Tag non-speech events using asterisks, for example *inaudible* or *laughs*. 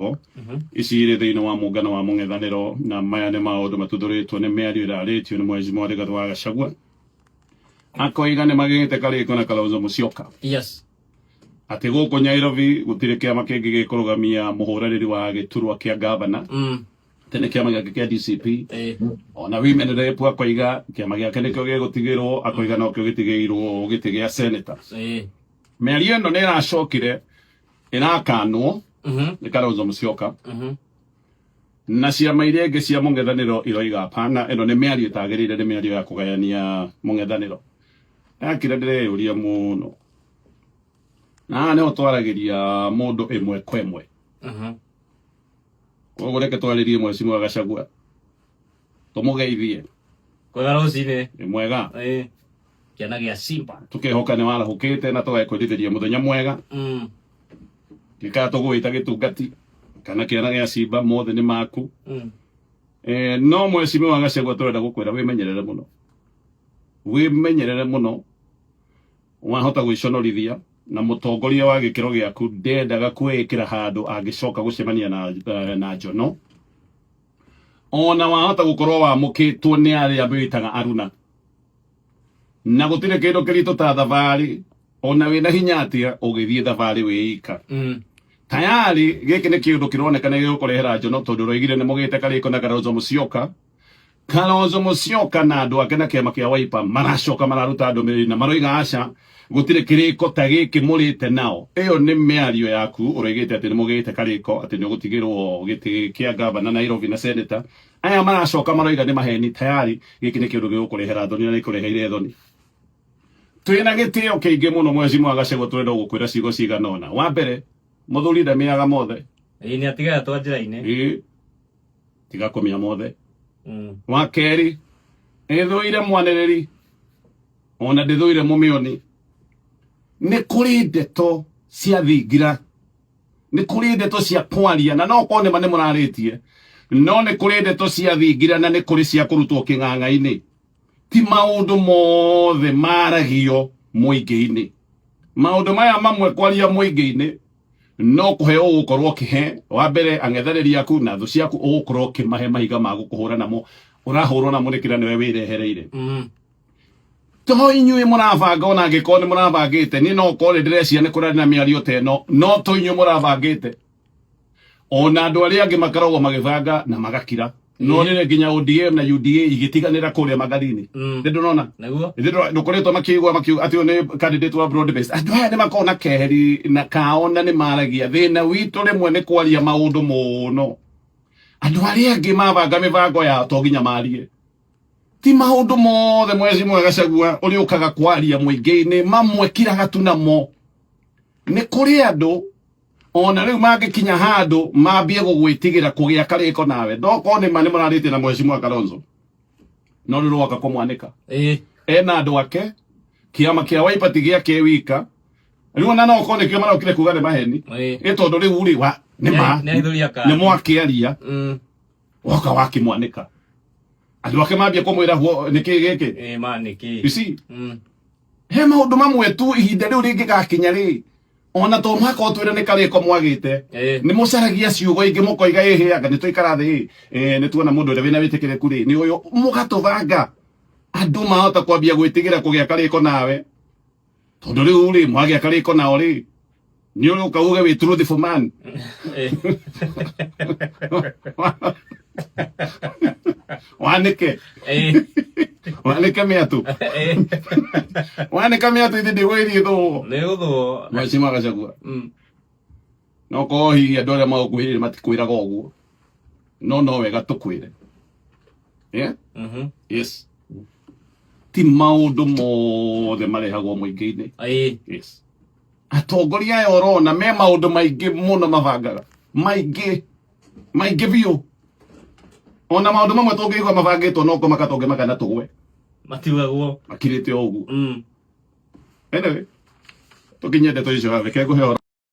yao icirä inä wa muungano wa mũng'ethanĩro na maya nä maå ndå matuthå nä mĩario ĩrarä tio nä mwezi mwarä gatå wa gacagua akoiga nä magä te karä ko na må cioka atä gå kå nyairobi gå tirä kä ama kä ngä gä kå rå gamia må hå ranä ri wa gä turwa kä a ngavana tene kä ama gä ake kä a dcp ona women akoiga kä ama gä ake nä kä o gä gå tigä akoiga no o gä tigä irwo gä tä gä a mĩario ä no nä ä rakanwo Mm-hmm. nä karozo må cioka mm-hmm. na ciama iria ingä cia må ng'ethanäro iroiga pana na no nä mä ario tagä rä ire nä ya kå gayania må ng'ethanä ro ndakire ndä reyå ria må no na nä ho twaragä ria må ndå ä mwe kwa ä mwe mm-hmm. koguo reke twarä rie mweci mwa gacagua tå må geithie kwega rå cinä ä mwega kĩana gĩa simba tå kä hoka nä warahå kä na tå gakwä rithä ria må thenya mwega mm gä tå gä tungati kana kä ana gä acimba mothe nä maku mm. eh, no mwecime wa gacegwa tå renda gå kwä ra wä menyerere må no wä menyerere må no wahota gwä conorithia na mutongoria wa gikiro giaku ndendaga kwikira handu angicoka gucemania na na njono ona wahota gukorwo wamukitwo ni aria mwitaga aruna na gutire kindu kiritu ta thabari ona wina hinya atia ugithie thabari wiika mm tayari giki ni kiundu kironeka ni gikurehera njono tondu roigire ni mugite kariko na Kalonzo Musyoka Kalonzo Musyoka na andu ake na kiama kia Wiper maracoka mararuta ndumiriri na maroiga aca gutire kiriko ta giki murite nao iyo ni miario yaku uroigite ati ni mugite kariko ati ni ugutigirwo giti kia gavana Nairobi na seneta aya maracoka maroiga ni maheni tayari giki ni kiundu gigukurehera thoni na nikureheire thoni twina gitio kiingi muno mwezi mwagacegwo turenda gukwira cigo ciganona wa mbere muthuri miaga mothe ĩĩ nĩ atigaga twa njĩra ine ii tiga kũmenya mothe mm. wa kerĩ nĩthũire mwanĩrĩri ona ndĩthũire mũmĩoni nĩ kũrĩ ndeto cia thingira nĩ kũrĩ ndeto cia kwaria na no korwo nĩma nĩ mũrarĩtie no nĩ kũrĩ ndeto cia thingira na nĩ kũrĩ cia kũrutwo kĩng'ang'a-inĩ ti maũndũ mothe maragio mũingĩ-inĩ maũndũ maya mamwe kwaria mũingĩ-inĩ no kuheo kä kihe wa mbere ri aku na thu ciaku kä kimahe mahiga hå ra namo urahurwo na munikira niwe wä rehereire mm. to inyuĩ mũrabanga ona angĩkorwo nĩ mũrabangĩte ni no kore nĩ ndĩrecia nĩ kũrarĩ na mĩario ta ĩno no to inyu murabangite ona andũ arĩa angĩ makarogwo na magakira nonire eh? nginya ODM na UDA igitiganira kuria magarini mm. ndi ndurona ndi ndukoretwo makiugwa makiuga atĩ nĩ candidate wa broad base andũ haya nĩ makona keheri na kao na nĩ maaragia thĩna witũ rĩmwe nĩ kwaria maũndũ mũno andũ arĩa angĩ mabanga mĩbango ya to nginya marie ti maũndũ mothe mwezi mwega cagua ũrĩũkaga kwaria mũingĩ-inĩ mamwe kiraga tu namo nĩ kuri andũ ona riu mangikinya handu mambie gugwitigira kugia ko nawe ndoko ni ma ni mararite na mheshimiwa Kalonzo no riu waka kumwanika eh ena andu ake kiama kia waipati giake wika riu ona no kone kio marokire kuga ni maheni ni tondu riu ri wa ni ma ni mwakiaria mm. woka wakimwanika andu ake mambia kumwira huo ni ki giki eh ma ni ki you see mm. he maundu mamwe tu ihinda riu ringigakinya ri ona to mwaka twira ni kali ko mwagite ni mucaragia ciugo ingi mukoiga ihiaga ni tuikara thi eh ni tuona mundu ri wina witikire kuri ni uyu mugatuthanga andu ma mahota kwambia gwitigira kugia kali ko nawe tondu ri uri mwagia kali ko nao ri ni uri ukauge wi for man *laughs* wanike wanĩkemea tu *laughs* wanĩkemea tu ithe ndĩgũithiĩ thũũ nĩ ũthũũ maici magacagua mm. no korwo hihi andũ arĩa magũkuhĩrĩria matikwĩraga ũguo no no wega tũkwĩre yeah? mm -hmm. yes ti maũndũ mothe marehagwo mũingĩ-inĩ yes. atongoria aya ũrona me maũndũ maingĩ mũno mabangaga maingĩ maingĩ biũ ona maũndũ mamwe tũngĩigua mabangĩtwo noko makatonge makana tũgwe matigagwo makirite o mm anyway tukinye ndeto icio gathe kegå heo